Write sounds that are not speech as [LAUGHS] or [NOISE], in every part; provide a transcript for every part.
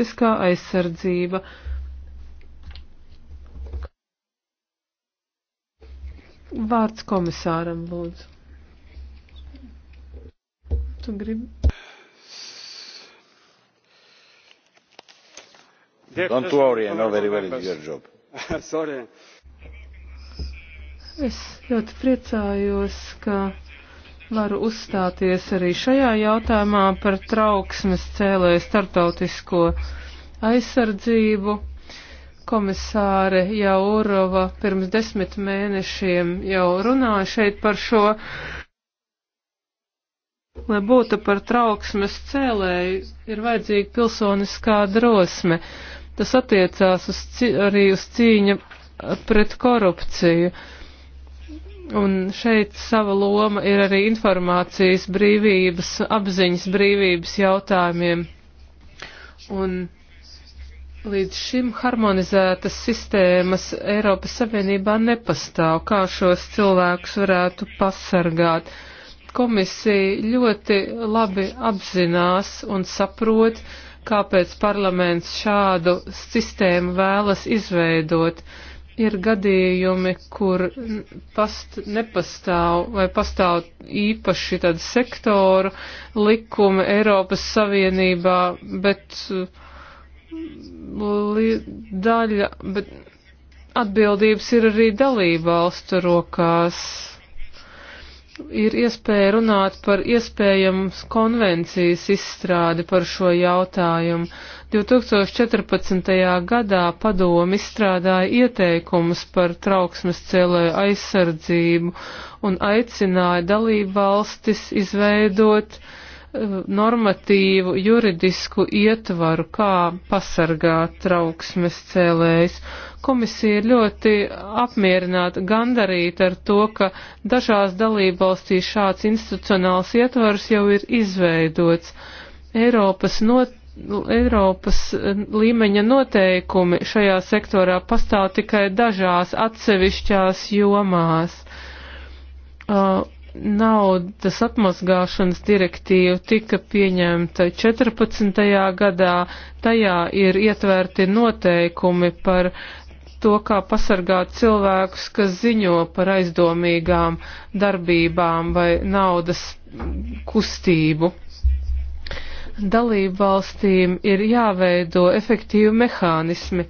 juridiskā aizsardzība. Vārds komisāram, lūdzu. Tu gribi? Don't worry, I know very well it's your job. [LAUGHS] Sorry. Es ļoti priecājos, ka Varu uzstāties arī šajā jautājumā par trauksmes cēlēju startautisko aizsardzību. Komisāre Jaurova pirms desmit mēnešiem jau runāja šeit par šo, lai būtu par trauksmes cēlēju, ir vajadzīga pilsoniskā drosme. Tas attiecās uz cī, arī uz cīņa pret korupciju. Uh, Un šeit sava loma ir arī informācijas brīvības, apziņas brīvības jautājumiem. Un līdz šim harmonizētas sistēmas Eiropas Savienībā nepastāv, kā šos cilvēkus varētu pasargāt. Komisija ļoti labi apzinās un saprot, kāpēc parlaments šādu sistēmu vēlas izveidot Ir gadījumi, kur past, nepastāv vai pastāv īpaši tāda sektoru likuma Eiropas Savienībā, bet li, daļa, bet atbildības ir arī dalībvalstu rokās ir iespēja runāt par iespējams konvencijas izstrādi par šo jautājumu. 2014. gadā padomi izstrādāja ieteikumus par trauksmes cēlēju aizsardzību un aicināja dalību valstis izveidot uh, Eh, normatīvu juridisku ietvaru, kā pasargāt trauksmes cēlējs. Komisija ir ļoti apmierināta, gandarīta ar to, ka dažās dalībvalstīs šāds institucionāls ietvars jau ir izveidots. Eiropas, not, Eiropas eh, līmeņa noteikumi šajā sektorā pastāv tikai dažās atsevišķās jomās. Uh, naudas atmazgāšanas direktīva tika pieņemta 14. gadā. Tajā ir ietverti noteikumi par to, kā pasargāt cilvēkus, kas ziņo par aizdomīgām darbībām vai naudas kustību. Dalību valstīm ir jāveido efektīvi mehānismi,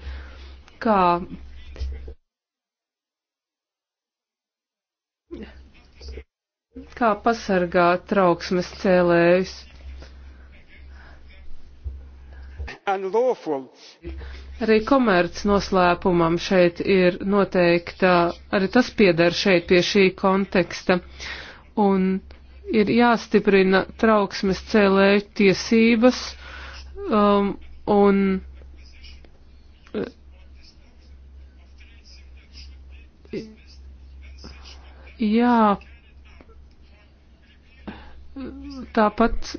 kā kā pasargāt trauksmes cēlējus. Arī komerc noslēpumam šeit ir noteikta, arī tas pieder šeit pie šī konteksta, un ir jāstiprina trauksmes cēlēju tiesības, um, un uh, jā, tāpat,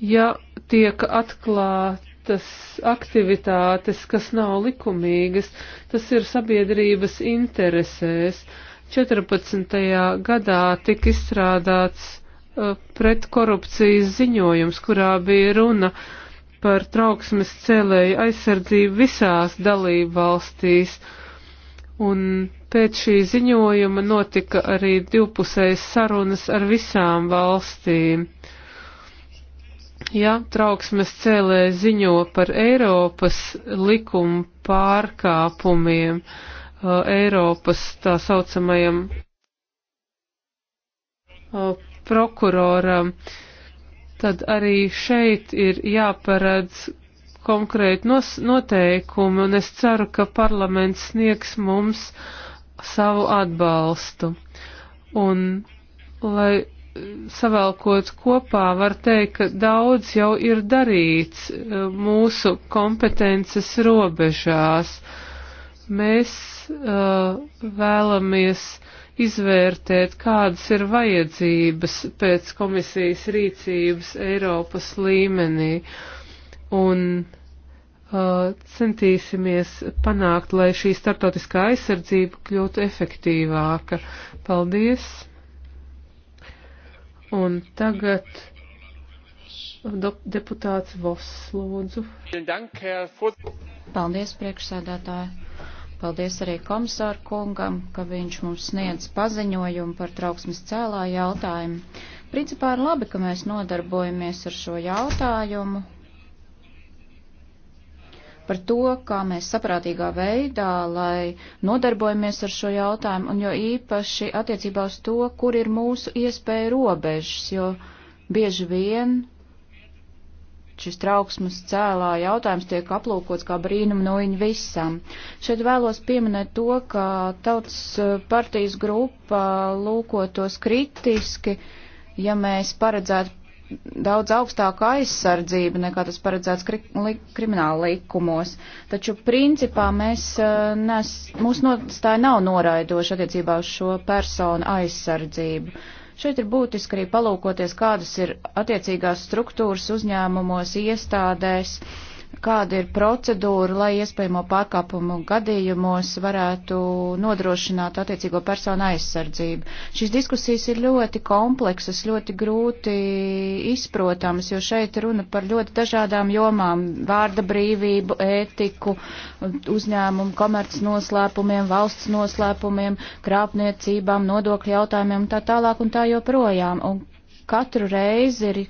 ja tiek atklātas aktivitātes, kas nav likumīgas, tas ir sabiedrības interesēs. 14. gadā tika izstrādāts uh, pretkorupcijas ziņojums, kurā bija runa par trauksmes cēlēju aizsardzību visās dalību valstīs. Un Pēc šī ziņojuma notika arī divpusējas sarunas ar visām valstīm. Ja trauksmes cēlē ziņo par Eiropas likumu pārkāpumiem, uh, Eiropas tā saucamajam uh, prokuroram, tad arī šeit ir jāparedz konkrēti noteikumi, un es ceru, ka parlaments sniegs mums uh, savu atbalstu. Un, lai savēlkot kopā, var teikt, ka daudz jau ir darīts e, mūsu kompetences robežās. Mēs uh, vēlamies izvērtēt, kādas ir vajadzības pēc komisijas rīcības Eiropas līmenī. Un uh, Uh, centīsimies panākt, lai šī startautiskā aizsardzība kļūtu efektīvāka. Paldies! Un tagad uh, deputāts Voss lūdzu. Paldies, priekšsēdētāji! Paldies arī komisāru kungam, ka viņš mums sniedz paziņojumu par trauksmes cēlā jautājumu. Principā ir labi, ka mēs nodarbojamies ar šo jautājumu par to, kā mēs saprātīgā veidā, lai nodarbojamies ar šo jautājumu, un jo īpaši attiecībā uz to, kur ir mūsu iespēja robežas, jo bieži vien šis trauksmes cēlā jautājums tiek aplūkots kā brīnum no viņa visam. Šeit vēlos pieminēt to, ka tautas eh, partijas grupa lūkotos kritiski, ja mēs paredzētu daudz augstāka aizsardzība nekā tas paredzēts kri li krimināla likumos. Taču principā mēs, nes, mūsu nostāja nav noraidoša attiecībā uz šo personu aizsardzību. Šeit ir būtiski arī palūkoties, kādas ir attiecīgās struktūras uzņēmumos, iestādēs. Uh, Kāda ir procedūra, lai iespējamo pārkāpumu gadījumos varētu nodrošināt attiecīgo personu aizsardzību? Šīs diskusijas ir ļoti kompleksas, ļoti grūti izprotamas, jo šeit runa par ļoti dažādām jomām - vārda brīvību, ētiku, uzņēmumu, komerc noslēpumiem, valsts noslēpumiem, krāpniecībām, nodokļu jautājumiem un tā tālāk un tā joprojām. Un katru reizi ir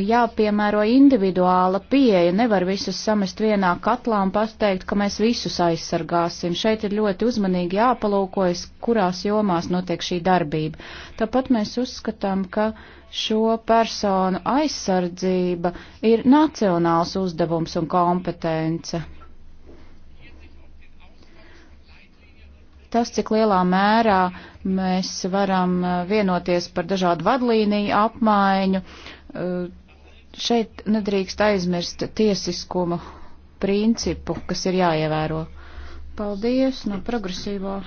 jāpiemēro individuāla pieeja. Nevar visus samest vienā katlā un pateikt, ka mēs visus aizsargāsim. Šeit ir ļoti uzmanīgi jāpalūkojas, kurās jomās notiek šī darbība. Tāpat mēs uzskatām, ka šo personu aizsardzība ir nacionāls uzdevums un kompetence. tas, cik lielā mērā mēs varam vienoties par dažādu vadlīniju apmaiņu, Šeit nedrīkst aizmirst tiesiskumu principu, kas ir jāievēro. Paldies no progresīvā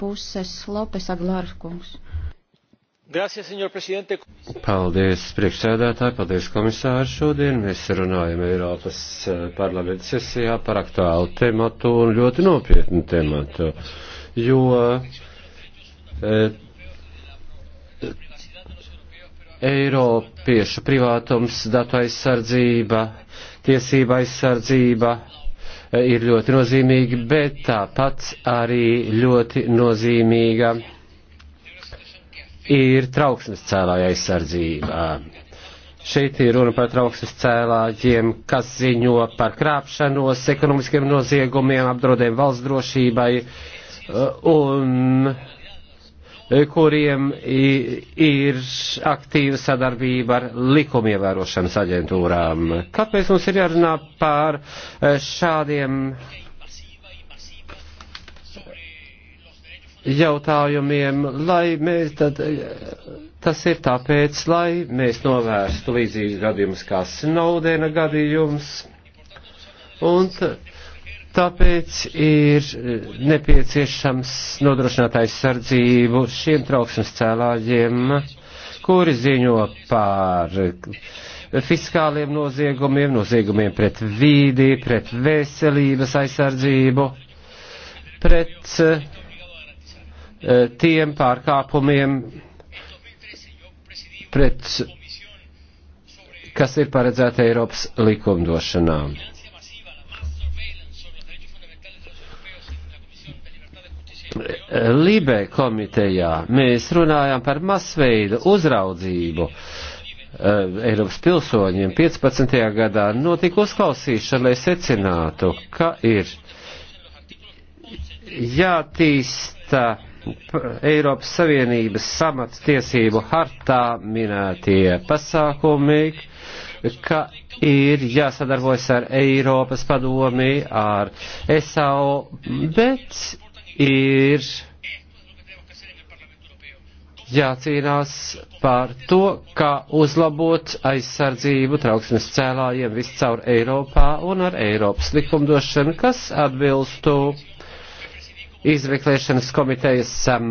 puses Lopes Aglārkungs. Paldies, priekšsēdētāji, paldies, komisāri. Šodien mēs runājam Eiropas eh, parlamenta sesijā par aktuālu tematu un ļoti nopietnu tematu, jo e, Eiropiešu privātums, datu aizsardzība, tiesība aizsardzība eh, ir ļoti nozīmīga, bet tāpat arī ļoti nozīmīga ir trauksmes cēlāja aizsardzība. Šeit ir runa par trauksmes cēlājiem, kas ziņo par krāpšanos, ekonomiskiem noziegumiem, apdraudējumu valsts drošībai eh, un kuriem ir aktīva sadarbība ar likumievērošanas aģentūrām. Kāpēc mums ir jārunā par eh, šādiem jautājumiem, lai mēs tad, eh, tas ir tāpēc, lai mēs novērstu līdzīgas gadījumus kā Snowdena gadījums. Un t, Tāpēc ir eh, nepieciešams nodrošināt aizsardzību šiem trauksmes cēlājiem, kuri ziņo par fiskāliem noziegumiem, noziegumiem pret vīdi, pret veselības aizsardzību, pret eh, tiem pārkāpumiem, pret, kas ir paredzēta Eiropas likumdošanām. Libē komitejā mēs runājām par masveida uzraudzību. Eh, Eiropas pilsoņiem 15. gadā notika uzklausīšana, lai secinātu, ka ir jātīsta Eiropas Savienības samats tiesību hartā minētie pasākumi, ka ir jāsadarbojas ar Eiropas padomi, ar SAO, bet ir jācīnās par to, kā uzlabot aizsardzību trauksmes cēlājiem viscaur Eiropā un ar Eiropas likumdošanu, kas atbilstu izmeklēšanas komitejas um,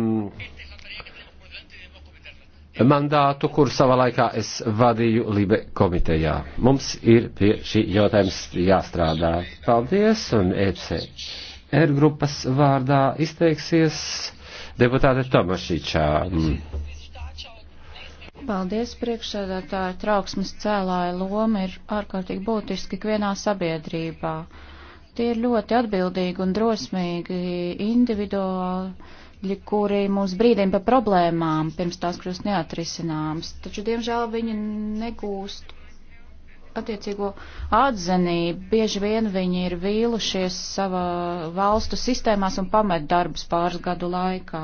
mandātu, kur savā laikā es vadīju Libe komitejā. Mums ir pie šī jautājums jāstrādā. Paldies un ECE R grupas vārdā izteiksies deputāte Tomašičā. Paldies, priekšsēdētāji. Trauksmes cēlāja loma ir ārkārtīgi būtiski ikvienā sabiedrībā. Tie ir ļoti atbildīgi un drosmīgi individuāli, kuri mūs brīdina par problēmām, pirms tās kļūst neatrisināmas. Taču, diemžēl, viņi negūst attiecīgo atzinību. Bieži vien viņi ir vīlušies savā valstu sistēmās un pamet darbus pāris gadu laikā.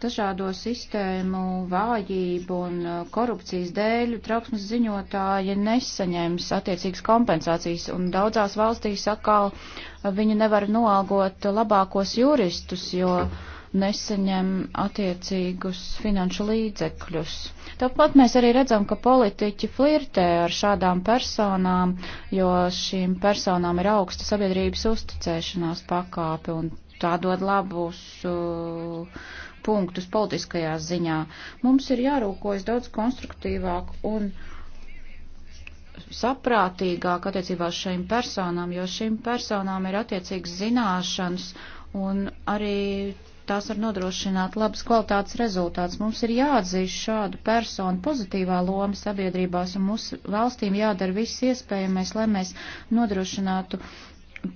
Dažādo sistēmu vājību un uh, korupcijas dēļ trauksmes ziņotāji nesaņems attiecīgas kompensācijas, un daudzās valstīs atkal uh, viņi nevar noalgot labākos juristus, jo. Mm nesaņem attiecīgus finanšu līdzekļus. Tāpat mēs arī redzam, ka politiķi flirtē ar šādām personām, jo šīm personām ir augsta sabiedrības uzticēšanās pakāpe un tā dod labus uh, punktus politiskajā ziņā. Mums ir jārūkojas daudz konstruktīvāk un saprātīgāk attiecībā uz šīm personām, jo šīm personām ir attiecīgas zināšanas un arī tās var nodrošināt labas kvalitātes rezultāts. Mums ir jāatzīst šādu personu pozitīvā loma sabiedrībās, un mūsu valstīm jādara viss iespējamais, lai mēs nodrošinātu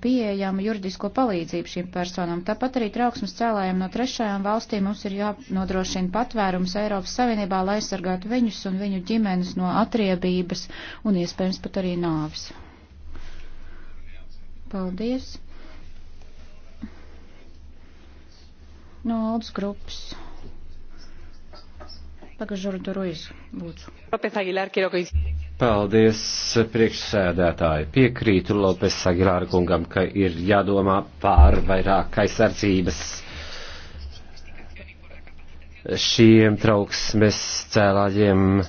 pieejamu juridisko palīdzību šīm personām. Tāpat arī trauksmes cēlājiem no trešajām valstīm mums ir jānodrošina patvērums Eiropas Savienībā, lai aizsargātu viņus un viņu ģimenes no atriebības un iespējams pat arī nāvis. Paldies! no Aldas grupas. Pagažurdu Ruiz, lūdzu. Paldies, priekšsēdētāji. Piekrītu Lopes Agilāra kungam, ka ir jādomā pār vairāk aizsardzības šiem trauksmes cēlājiem,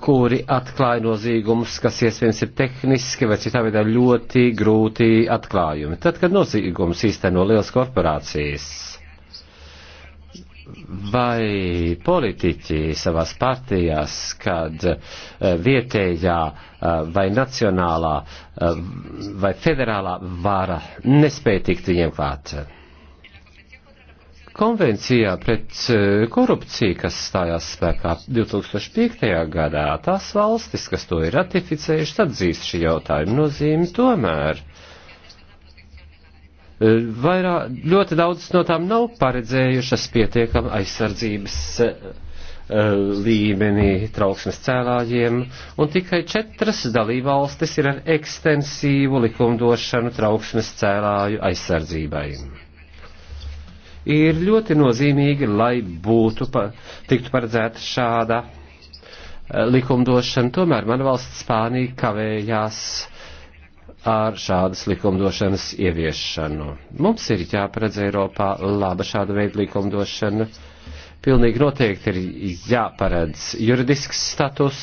kuri atklāja nozīgumus, kas iespējams ir tehniski vai citā veidā ļoti grūti atklājumi. Tad, kad nozīgumus īsteno lielas korporācijas, vai politiķi savās partijās, kad eh, vietējā eh, vai nacionālā eh, vai federālā vara nespēja tikt viņiem klāt. Konvencijā pret korupciju, kas stājās spēkā 2005. gadā, tās valstis, kas to ir ratificējušas, atzīst šī jautājuma nozīmi tomēr Vairā, ļoti daudzas no tām nav paredzējušas pietiekam aizsardzības eh, līmenī trauksmes cēlājiem, un tikai četras dalībvalstis ir ar ekstensīvu likumdošanu trauksmes cēlāju aizsardzībai. Ir ļoti nozīmīgi, lai būtu, pa, tiktu paredzēta šāda eh, likumdošana, tomēr man valsts Spānija kavējās uh, ar šādas likumdošanas ieviešanu. Mums ir jāparedz Eiropā laba šāda veida likumdošana. Pilnīgi noteikti ir jāparedz juridisks status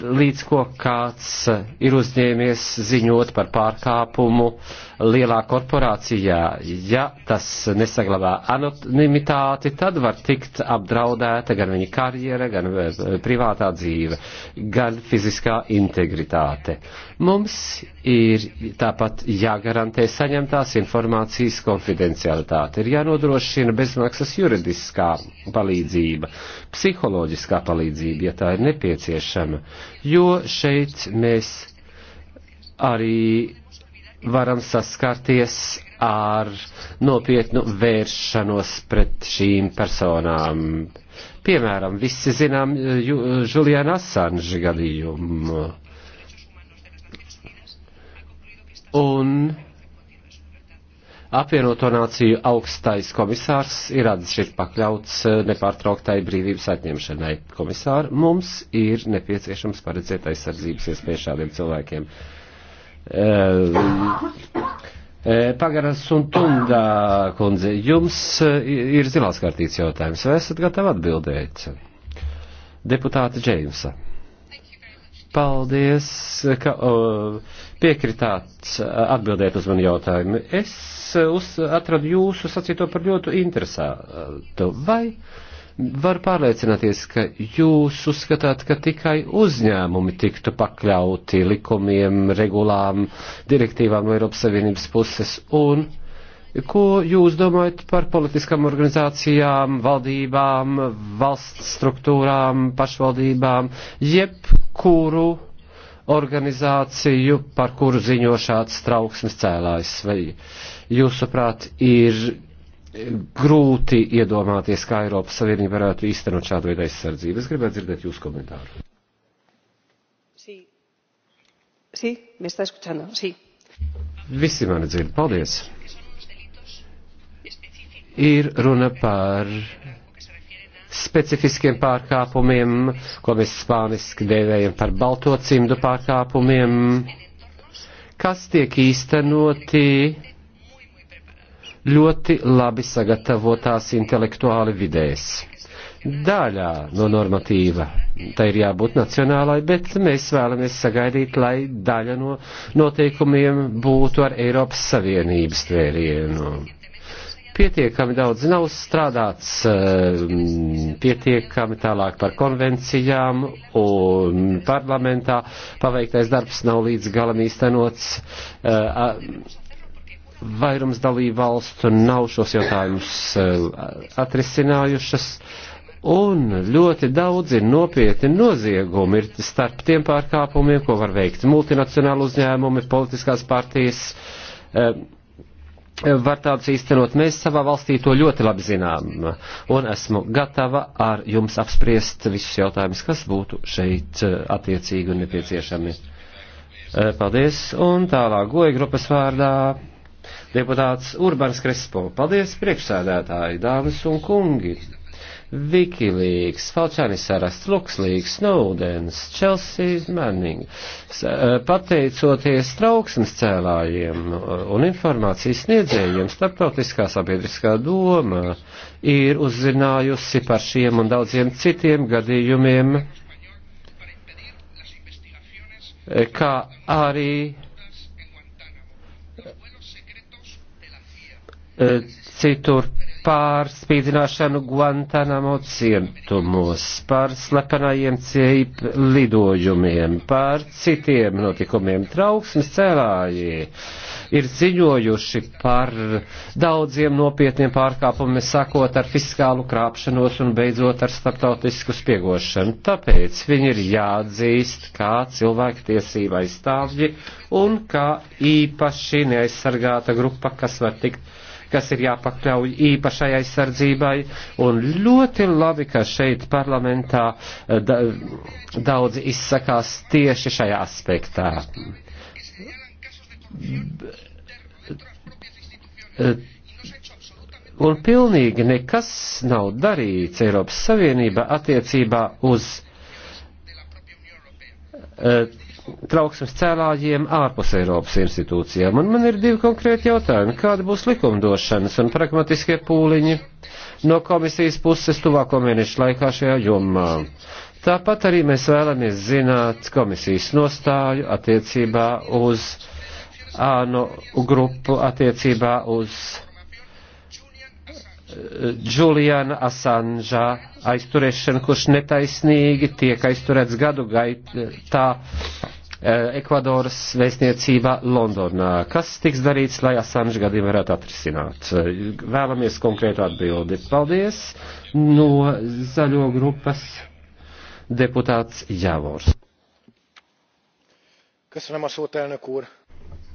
līdz ko kāds ir uzņēmies ziņot par pārkāpumu lielā korporācijā. Ja tas nesaglabā anonimitāti, tad var tikt apdraudēta gan viņa karjera, gan eh, privātā dzīve, gan fiziskā integritāte. Mums ir tāpat jāgarantē saņemtās informācijas konfidencialitāte, ir jānodrošina bezmaksas juridiskā palīdzība, psiholoģiskā palīdzība, ja tā ir nepieciešama ieviešana, jo šeit mēs arī varam saskarties ar nopietnu vēršanos pret šīm personām. Piemēram, visi zinām eh, Juliana Assange gadījumu. Un apvienoto nāciju augstais komisārs ir atzišķir pakļauts eh, nepārtrauktai brīvības atņemšanai. Komisāri, mums ir nepieciešams paredzēt aizsardzības iespējas šādiem cilvēkiem. Eh, eh, Pagaras un Tunda kundze, jums ir zilās kartīts jautājums. Vai esat gatavi atbildēt? Deputāte Džeimsa. Paldies, ka o, piekritāt atbildēt uz manu jautājumu. Es uz, atradu jūsu sacīto par ļoti interesētu. Vai var pārliecināties, ka jūs uzskatāt, ka tikai uzņēmumi tiktu pakļauti likumiem, regulām, direktīvām no Eiropas Savienības puses un Ko jūs domājat par politiskām organizācijām, valdībām, valsts struktūrām, pašvaldībām, jebkuru organizāciju, par kuru ziņo šāds trauksmes cēlājs? Vai jūsuprāt ir grūti iedomāties, kā Eiropas Savienība varētu īstenot šādu veidu aizsardzību? Es gribētu dzirdēt jūsu komentāru. Sí. Sí, me está escuchando, sí. Visi mani dzird. Paldies ir runa par specifiskiem pārkāpumiem, ko mēs spāniski dēvējam par balto cimdu pārkāpumiem, kas tiek īstenoti ļoti labi sagatavotās intelektuāli vidēs. Daļā no normatīva tā ir jābūt nacionālai, bet mēs vēlamies sagaidīt, lai daļa no noteikumiem būtu ar Eiropas Savienības tvērienu pietiekami daudz nav strādāts, eh, pietiekami tālāk par konvencijām un parlamentā paveiktais darbs nav līdz galam īstenots. Eh, vairums dalību valstu nav šos jautājumus eh, atrisinājušas. Un ļoti daudz ir nopietni noziegumi ir starp tiem pārkāpumiem, ko var veikt multinacionāli uzņēmumi, politiskās partijas, uh, var tādus īstenot. Mēs savā valstī to ļoti labi zinām, un esmu gatava ar jums apspriest visus jautājumus, kas būtu šeit eh, attiecīgi un nepieciešami. Eh, paldies, un tālāk goja grupas vārdā deputāts Urbans Krespo. Paldies, priekšsēdētāji, dāmas un kungi! Wikileaks, Falčānis Sarast, Luxleaks, Snowdens, Chelsea Manning, eh, pateicoties trauksmes cēlājiem eh, un informācijas sniedzējiem, starptautiskā sabiedriskā doma ir uzzinājusi par šiem un daudziem citiem gadījumiem, eh, kā arī citur par spīdzināšanu Guantanamo cietumos, par slepenajiem cieip lidojumiem, par citiem notikumiem. Trauksmes cēlāji ir ziņojuši par daudziem nopietniem pārkāpumiem, sakot ar fiskālu krāpšanos un beidzot ar starptautisku spiegošanu. Tāpēc viņi ir jāatzīst kā cilvēktiesība aizstāvji un kā īpaši neaizsargāta grupa, kas var tikt kas ir jāpakļauj īpašai aizsardzībai, un ļoti labi, ka šeit parlamentā eh, da, daudzi izsakās tieši šajā aspektā. Eh, un pilnīgi nekas nav darīts Eiropas Savienībā attiecībā uz uh, trauksmes cēlājiem ārpus Eiropas institūcijām. Un man ir divi konkrēti jautājumi. Kāda būs likumdošanas un pragmatiskie pūliņi no komisijas puses tuvāko mēnešu laikā šajā jomā? Tāpat arī mēs vēlamies zināt komisijas nostāju attiecībā uz ANO grupu, attiecībā uz Džuliana eh, Asanžā aizturēšanu, kurš netaisnīgi tiek aizturēts gadu gaitā Eh, Ekvadoras vēstniecībā Londonā. Kas tiks darīts, lai Asanža gadījumu varētu atrisināt? Eh, vēlamies konkrētu atbildi. Paldies no zaļo grupas deputāts Javors. Köszönöm a szót, elnök úr!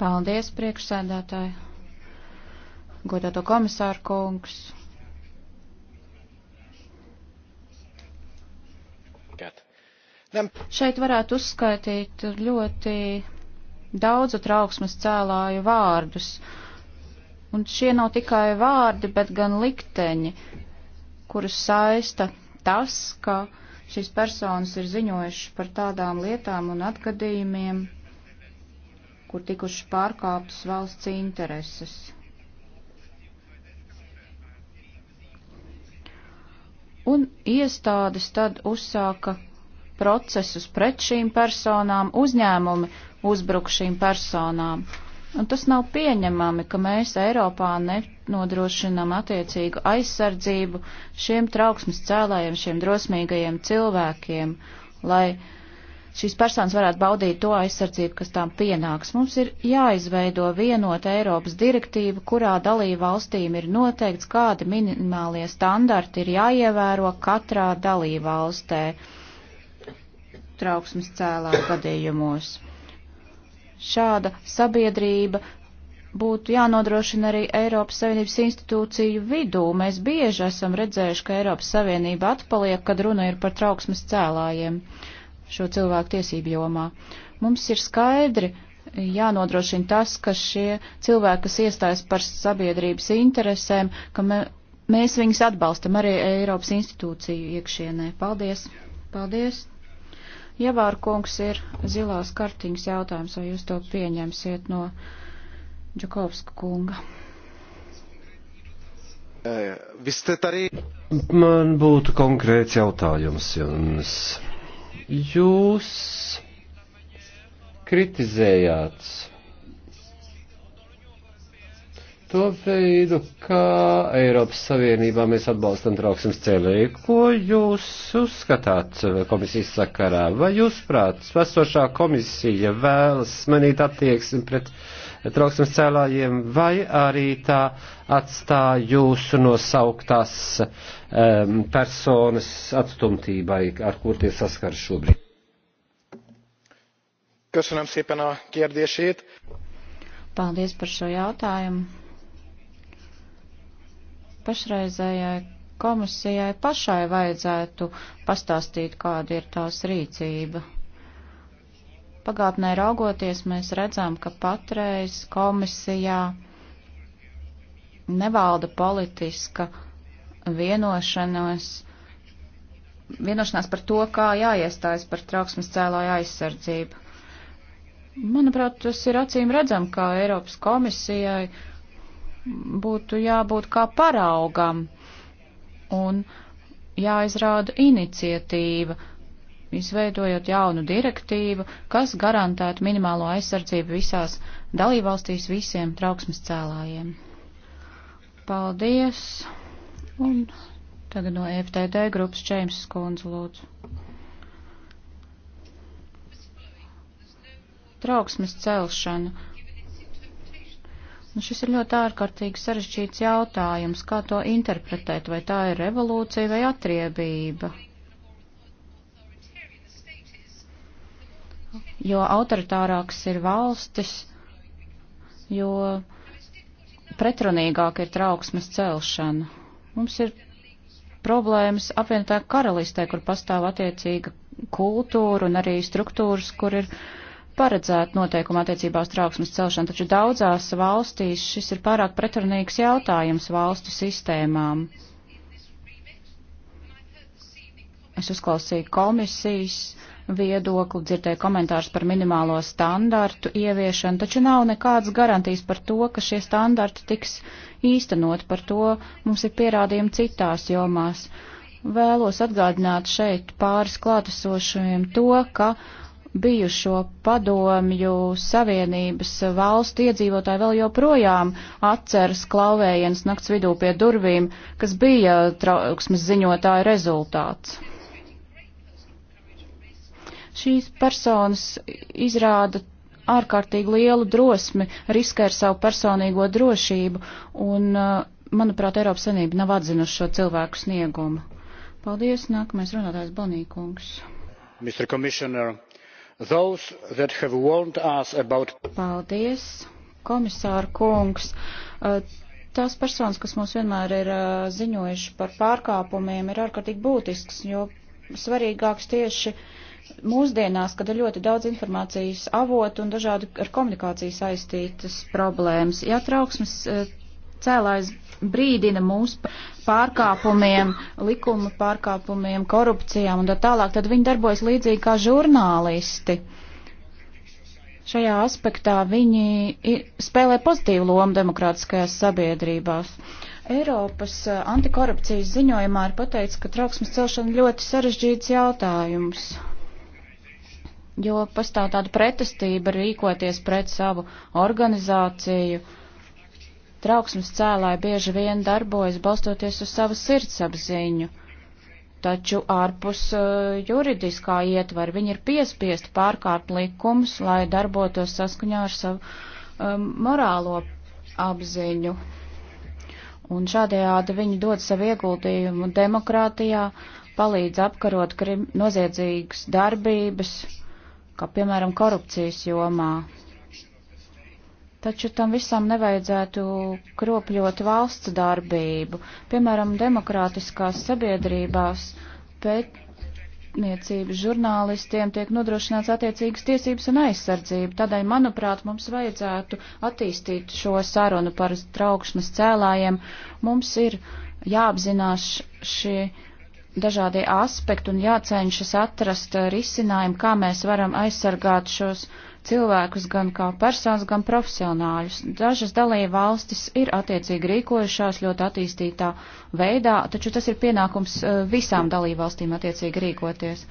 Paldies, priekšsēdētāji! Godāto komisāru kungs! Nem. Šeit varētu uzskaitīt ļoti daudzu trauksmes cēlāju vārdus. Un šie nav tikai vārdi, bet gan likteņi, kurus saista tas, ka šīs personas ir ziņojuši par tādām lietām un atgadījumiem, kur tikuši pārkāptas valsts intereses. Un iestādes tad uzsāka procesus pret šīm personām, uzņēmumi uzbruk šīm personām. Un tas nav pieņemami, ka mēs Eiropā nenodrošinām attiecīgu aizsardzību šiem trauksmes cēlējiem, šiem drosmīgajiem cilvēkiem, lai šīs personas varētu baudīt to aizsardzību, kas tām pienāks. Mums ir jāizveido vienota Eiropas direktīva, kurā dalību valstīm ir noteikts, kādi minimālie standarti ir jāievēro katrā dalību valstē trauksmes cēlāju gadījumos. Šāda sabiedrība būtu jānodrošina arī Eiropas Savienības institūciju vidū. Mēs bieži esam redzējuši, ka Eiropas Savienība atpaliek, kad runa ir par trauksmes cēlājiem šo cilvēku tiesību jomā. Mums ir skaidri jānodrošina tas, ka šie cilvēki, kas iestājas par sabiedrības interesēm, ka me, mēs viņus atbalstam arī Eiropas institūciju iekšienē. Paldies! Paldies! Javārkungs ir zilās kartiņas jautājums, vai jūs to pieņemsiet no Džakovska kunga. Man būtu konkrēts jautājums jums. Jūs kritizējāt to veidu, kā Eiropas Savienībā mēs atbalstam trauksmes ceļēju. Ko jūs uzskatāt komisijas sakarā? Vai jūs prāt, vesošā komisija vēlas manīt attieksmi pret trauksmes cēlājiem, vai arī tā atstāja jūsu nosauktās um, personas atstumtībai, ar kur tie saskar šobrīd? Köszönöm szépen a kérdését. Paldies par šo jautājumu pašreizējai komisijai pašai vajadzētu pastāstīt, kāda ir tās rīcība. Pagātnē raugoties, mēs redzam, ka patreiz komisijā nevalda politiska vienošanās, vienošanās par to, kā jāiestājas par trauksmes cēlāju aizsardzību. Manuprāt, tas ir acīm redzam, kā Eiropas komisijai būtu jābūt kā paraugam un jāizrāda iniciatīva, izveidojot jaunu direktīvu, kas garantētu minimālo aizsardzību visās dalībvalstīs visiem trauksmes cēlājiem. Paldies! Un tagad no FTD grupas Čēms Skundze lūdzu. Trauksmes celšana Nu, šis ir ļoti ārkārtīgi sarežģīts jautājums, kā to interpretēt, vai tā ir revolūcija vai atriebība. Jo autoritārāks ir valstis, jo pretrunīgāk ir trauksmes celšana. Mums ir problēmas apvienotā karalistē, kur pastāv attiecīga kultūra un arī struktūras, kur ir uh, paredzēta noteikuma attiecībā uz trauksmes celšanu, taču daudzās valstīs šis ir pārāk pretrunīgs jautājums valstu sistēmām. Es uzklausīju komisijas viedokli, dzirdēju komentārus par minimālo standartu ieviešanu, taču nav nekādas garantijas par to, ka šie standarti tiks īstenot. Par to mums ir pierādījumi citās jomās. Vēlos atgādināt šeit pāris klātesošajiem to, ka uh, bijušo padomju savienības valstu iedzīvotāji vēl joprojām atceras klauvējiens nakts vidū pie durvīm, kas bija trauksmes ziņotāja rezultāts. Šīs personas izrāda ārkārtīgi lielu drosmi, riskē ar savu personīgo drošību, un, uh, manuprāt, Eiropas Savienība nav atzinuši šo cilvēku sniegumu. Paldies, nākamais runātājs Banīkungs. Mr. Commissioner, those that have warned us about. Paldies, komisāra kungs. Tās personas, kas mums vienmēr ir ziņojuši par pārkāpumiem, ir ārkārtīgi būtisks, jo svarīgāks tieši mūsdienās, kad ir ļoti daudz informācijas avotu un dažādi ar komunikāciju saistītas problēmas. Ja trauksmes cēlājs brīdina mūs par pārkāpumiem, likuma pārkāpumiem, korupcijām un tā tālāk, tad viņi darbojas līdzīgi kā žurnālisti. Šajā aspektā viņi spēlē pozitīvu lomu demokrātiskajās sabiedrībās. Eiropas antikorupcijas ziņojumā ir pateicis, ka trauksmes celšana ļoti sarežģīts jautājums, jo pastāv tāda pretestība rīkoties pret savu organizāciju. Uh, Trauksmes cēlāji bieži vien darbojas balstoties uz savu sirdsapziņu, taču ārpus uh, juridiskā ietvara viņi ir piespiesti pārkārt likumus, lai darbotos saskaņā ar savu um, morālo apziņu. Un šādējādi viņi dod savu ieguldījumu demokrātijā, palīdz apkarot noziedzīgas darbības, kā piemēram korupcijas jomā. Taču tam visam nevajadzētu kropļot valsts darbību. Piemēram, demokrātiskās sabiedrībās pētniecības žurnālistiem tiek nodrošināts attiecīgas tiesības un aizsardzība. Tādēļ, manuprāt, mums vajadzētu attīstīt šo sarunu par trauksmes cēlājiem. Mums ir jāapzinās šie dažādie aspekti un jācenšas atrast risinājumu, kā mēs varam aizsargāt šos cilvēkus gan kā personas, gan profesionāļus. Dažas dalīja valstis ir attiecīgi rīkojušās ļoti attīstītā veidā, taču tas ir pienākums e, visām dalību valstīm attiecīgi rīkoties.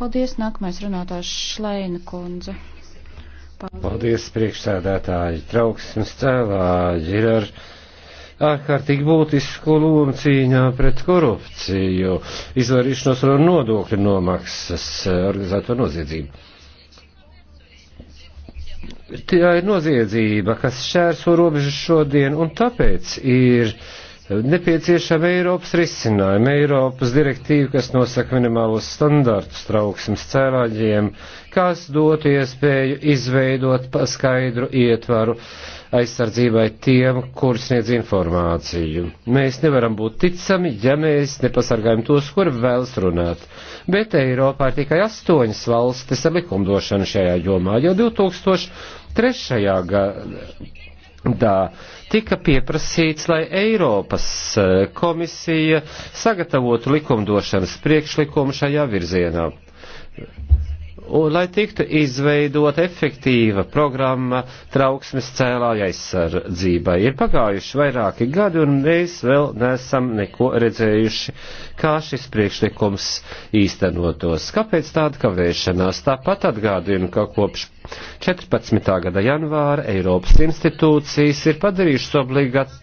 Paldies, nākamais runātājs Šleina kundze. Paldies, Paldies priekšsēdētāji, trauksmes cēlāji ir ar ārkārtīgi būtisku lomu cīņā pret korupciju, izvairīšanos no nodokļu nomaksas, organizēto noziedzību tā ir noziedzība, kas šķērso robežas šodien, un tāpēc ir nepieciešama Eiropas risinājuma, Eiropas direktīva, kas nosaka minimālos standartus trauksmes cēlāģiem, kas dotu iespēju izveidot skaidru ietvaru aizsardzībai tiem, kur sniedz informāciju. Mēs nevaram būt ticami, ja mēs nepasargājam tos, kur vēlas runāt. Bet Eiropā ir tikai astoņas valstis ar likumdošanu šajā jomā. Jau 2003. gadā tika pieprasīts, lai Eiropas eh, komisija sagatavotu likumdošanas priekšlikumu šajā virzienā un lai tiktu izveidot efektīva programma trauksmes cēlāja aizsardzībai. Ir pagājuši vairāki gadi, un mēs vēl nesam neko redzējuši, kā šis priekšlikums īstenotos. Kāpēc tāda kavēšanās? Tāpat atgādinu, ka kopš 14. gada janvāra Eiropas institūcijas ir padarījušas obligāti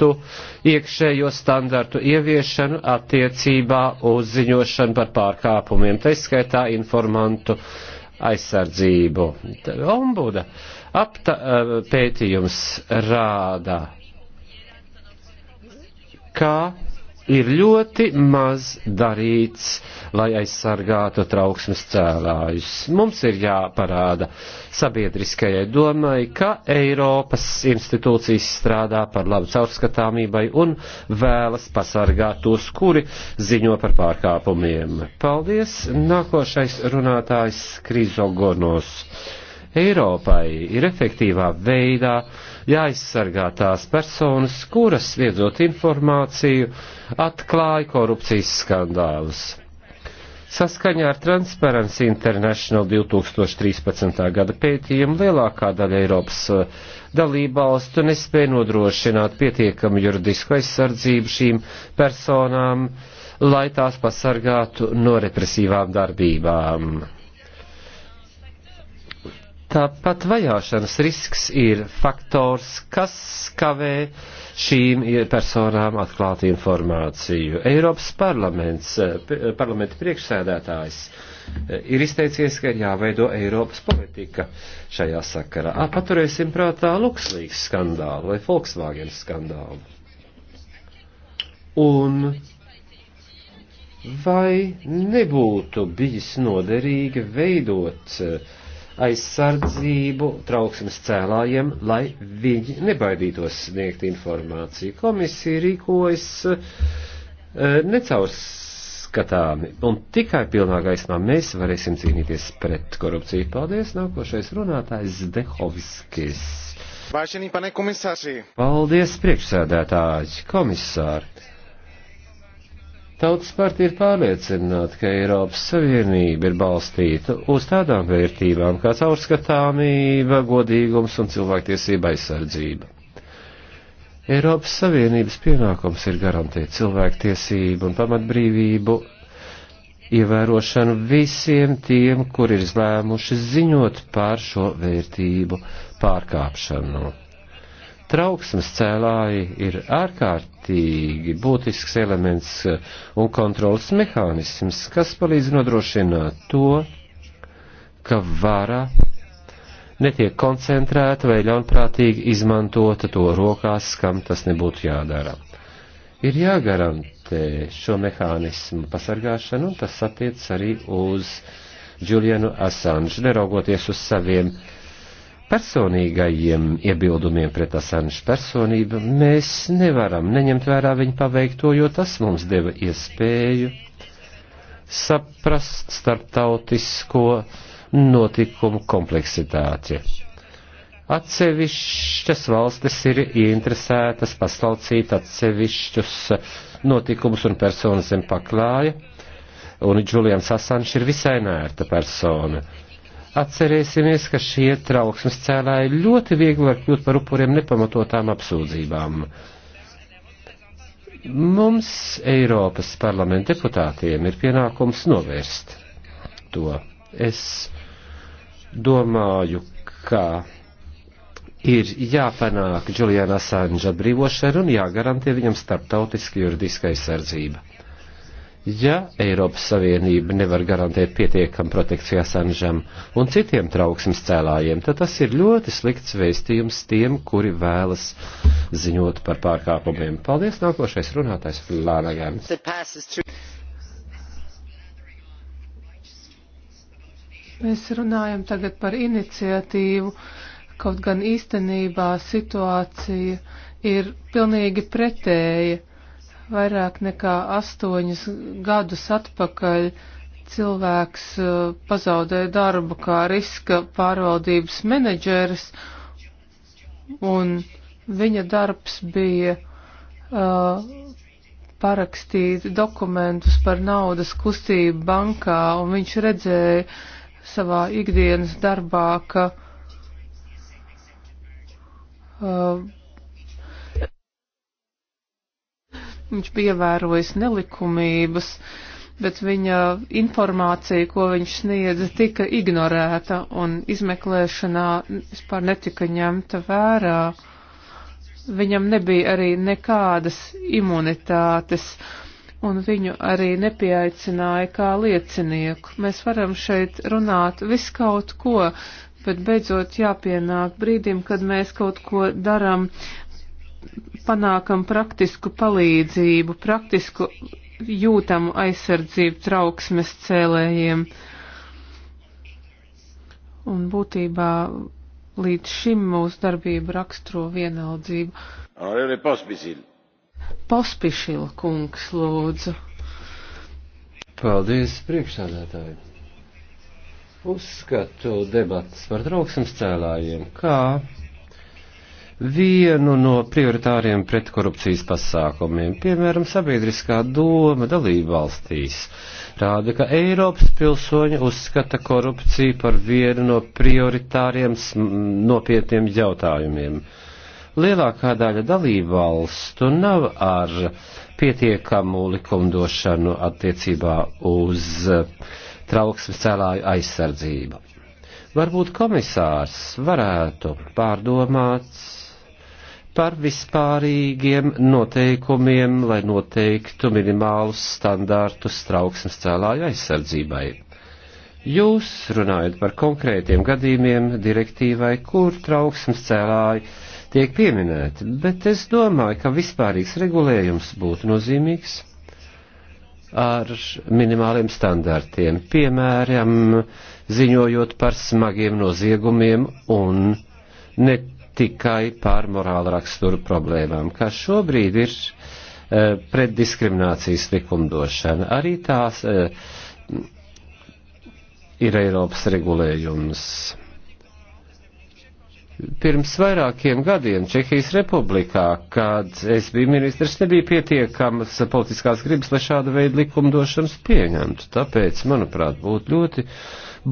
striktu iekšējo standartu ieviešanu attiecībā uz ziņošanu par pārkāpumiem, tā skaitā informantu aizsardzību. Ombuda apta, eh, pētījums rāda, kā ir ļoti maz darīts, lai aizsargātu trauksmes cēlājus. Mums ir jāparāda sabiedriskajai domai, ka Eiropas institūcijas strādā par labu caurskatāmībai un vēlas pasargāt tos, kuri ziņo par pārkāpumiem. Paldies! Nākošais runātājs Krizogonos. Eiropai ir efektīvā veidā jāizsargā tās personas, kuras, sniedzot informāciju, atklāja korupcijas skandālus. Saskaņā ar Transparency International 2013. gada pētījumu lielākā daļa Eiropas eh, dalībvalstu nespēja nodrošināt pietiekamu juridisku aizsardzību šīm personām, lai tās pasargātu no represīvām darbībām. Tāpat vajāšanas risks ir faktors, kas kavē šīm personām atklāt informāciju. Eiropas parlaments, eh, eh, parlamenta priekšsēdētājs eh, ir izteicies, ka ir jāveido Eiropas politika šajā sakarā. A, paturēsim prātā Luxlīgas skandālu vai Volkswagen skandālu. Un vai nebūtu bijis noderīgi veidot uh, aizsardzību trauksmes cēlājiem, lai viņi nebaidītos sniegt informāciju. Komisija rīkojas eh, necaurskatāmi, un tikai pilnā gaismā mēs varēsim cīnīties pret korupciju. Paldies, nākošais runātājs Zdehovskis. Vážený pane komisāri. Paldies, priekšsēdētāji, komisāri. Tautas partija ir pārliecināta, ka Eiropas Savienība ir balstīta uz tādām vērtībām kā caurskatāmība, godīgums un cilvēktiesība aizsardzība. Eiropas Savienības pienākums ir garantēt cilvēktiesību un pamatbrīvību ievērošanu visiem tiem, kur ir izlēmuši ziņot par šo vērtību pārkāpšanu trauksmes cēlāji ir ārkārtīgi būtisks elements un kontrolas mehānisms, kas palīdz nodrošināt to, ka vara netiek koncentrēta vai ļaunprātīgi izmantota to rokās, kam tas nebūtu jādara. Ir jāgarantē šo mehānismu pasargāšanu, un tas attiec arī uz Julianu Assange, neraugoties uz saviem uh, personīgajiem iebildumiem pret Asanšu personību, mēs nevaram neņemt vērā viņa paveikto, jo tas mums deva iespēju saprast starptautisko notikumu kompleksitāti. Atsevišķas valstis ir ieinteresētas paslaucīt atsevišķus notikumus un personas zem paklāja, un Džulians Assange ir visai nērta persona Atcerēsimies, ka šie trauksmes cēlāji ļoti viegli var kļūt par upuriem nepamatotām apsūdzībām. Mums, Eiropas parlamenta deputātiem, ir pienākums novērst to. Es domāju, ka ir jāpanāk Džulijana Sanža brīvošana un jāgarantē viņam starptautiski juridiskai sardzība ja Eiropas Savienība nevar garantēt pietiekam protekciju Asanžam un citiem trauksmes cēlājiem, tad tas ir ļoti slikts vēstījums tiem, kuri vēlas ziņot par pārkāpumiem. Paldies, nākošais runātājs Lānagans. Mēs runājam tagad par iniciatīvu, kaut gan īstenībā situācija ir pilnīgi pretēja Vairāk nekā astoņus gadus atpakaļ cilvēks uh, pazaudēja darbu kā riska pārvaldības menedžeris, un viņa darbs bija uh, parakstīt dokumentus par naudas kustību bankā, un viņš redzēja savā ikdienas darbā, ka uh, Viņš bija ievērojis nelikumības, bet viņa informācija, ko viņš sniedza, tika ignorēta un izmeklēšanā vispār netika ņemta vērā. Viņam nebija arī nekādas imunitātes, un viņu arī nepieaicināja kā liecinieku. Mēs varam šeit runāt viskaut ko, bet beidzot jāpienāk brīdim, kad mēs kaut ko daram panākam praktisku palīdzību, praktisku jūtamu aizsardzību trauksmes cēlējiem. Un būtībā līdz šim mūsu darbību raksturo vienaldzību. Pospišila kungs lūdzu. Paldies, priekšsādātāji. Uzskatu debats par trauksmes cēlājiem, kā vienu no prioritāriem pretkorupcijas pasākumiem. Piemēram, sabiedriskā doma dalība valstīs rāda, ka Eiropas pilsoņi uzskata korupciju par vienu no prioritāriem nopietniem jautājumiem. Lielākā daļa dalību valstu nav ar pietiekamu likumdošanu attiecībā uz e, trauksmes cēlāju aizsardzību. Varbūt komisārs varētu pārdomāt par vispārīgiem noteikumiem, lai noteiktu minimālus standārtus trauksmes cēlāju aizsardzībai. Jūs runājat par konkrētiem gadījumiem direktīvai, kur trauksmes cēlāji tiek pieminēti, bet es domāju, ka vispārīgs regulējums būtu nozīmīgs ar minimāliem standartiem, piemēram, ziņojot par smagiem noziegumiem un ne tikai par morāla raksturu problēmām, kas šobrīd ir eh, pret diskriminācijas likumdošana. Arī tās eh, ir Eiropas regulējums. Pirms vairākiem gadiem Čehijas republikā, kad es biju ministrs, nebija pietiekamas politiskās gribas, lai šādu veidu likumdošanas pieņemtu. Tāpēc, manuprāt, būtu ļoti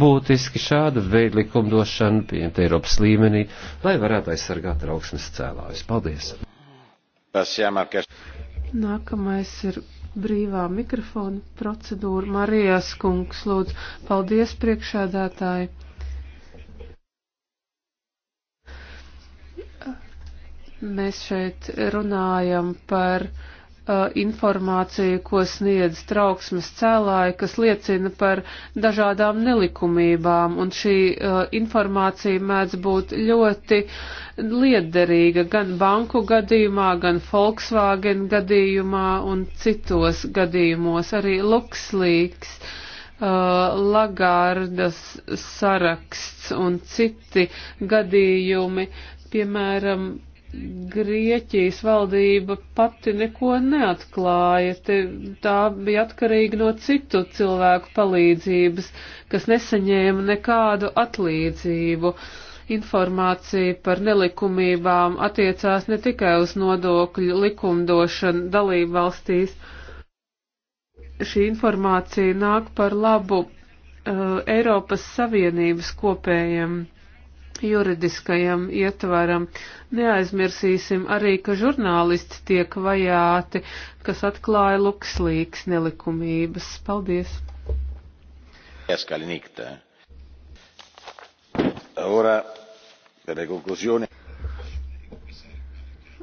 būtiski šādu veidu likumdošanu pieņemt Eiropas līmenī, lai varētu aizsargāt trauksmes cēlājus. Paldies! Nākamais ir brīvā mikrofona procedūra. Marijas kungs, lūdzu, paldies priekšādātāji! Mēs šeit runājam par uh, informāciju, ko sniedz trauksmes cēlāji, kas liecina par dažādām nelikumībām, un šī uh, informācija mēdz būt ļoti liederīga gan banku gadījumā, gan Volkswagen gadījumā un citos gadījumos, arī Luxlīks. Uh, Uh, Lagārdas saraksts un citi gadījumi, piemēram, Grieķijas valdība pati neko neatklāja. Te, tā bija atkarīga no citu cilvēku palīdzības, kas nesaņēma nekādu atlīdzību. Informācija par nelikumībām attiecās ne tikai uz nodokļu likumdošanu dalību valstīs. Šī informācija nāk par labu uh, Eiropas Savienības kopējiem juridiskajam ietvaram. Neaizmirsīsim arī, ka žurnālisti tiek vajāti, kas atklāja lukslīgas nelikumības. Paldies!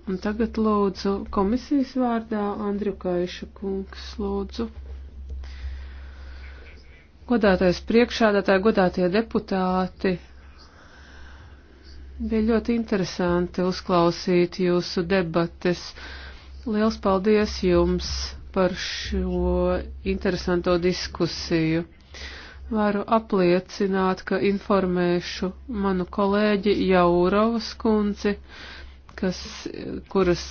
Un tagad lūdzu komisijas vārdā Andriukaiša kungs lūdzu. Godātais priekšādātāji, godātie deputāti, Bija ļoti interesanti uzklausīt jūsu debates. Liels paldies jums par šo interesanto diskusiju. Varu apliecināt, ka informēšu manu kolēģi Jaurovas kunci, kas, kuras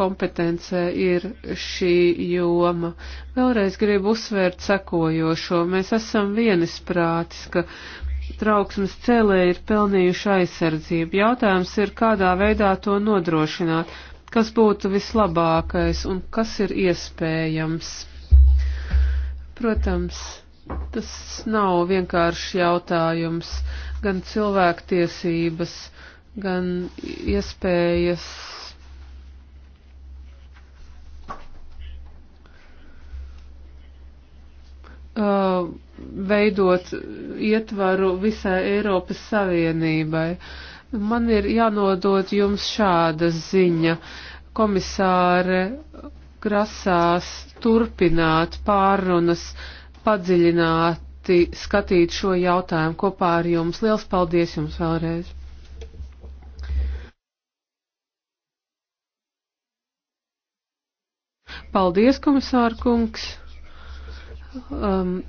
kompetencē ir šī joma. Vēlreiz gribu uzsvērt sekojošo. Mēs esam vienisprātis, ka trauksmes cēlēji ir pelnījuši aizsardzību. Jautājums ir, kādā veidā to nodrošināt, kas būtu vislabākais un kas ir iespējams. Protams, tas nav vienkārši jautājums gan cilvēktiesības, gan iespējas uh, veidot ietvaru visai Eiropas Savienībai. Man ir jānodot jums šāda ziņa. Komisāre grasās turpināt pārunas, padziļināti skatīt šo jautājumu kopā ar jums. Liels paldies jums vēlreiz! Paldies, komisārkungs! um,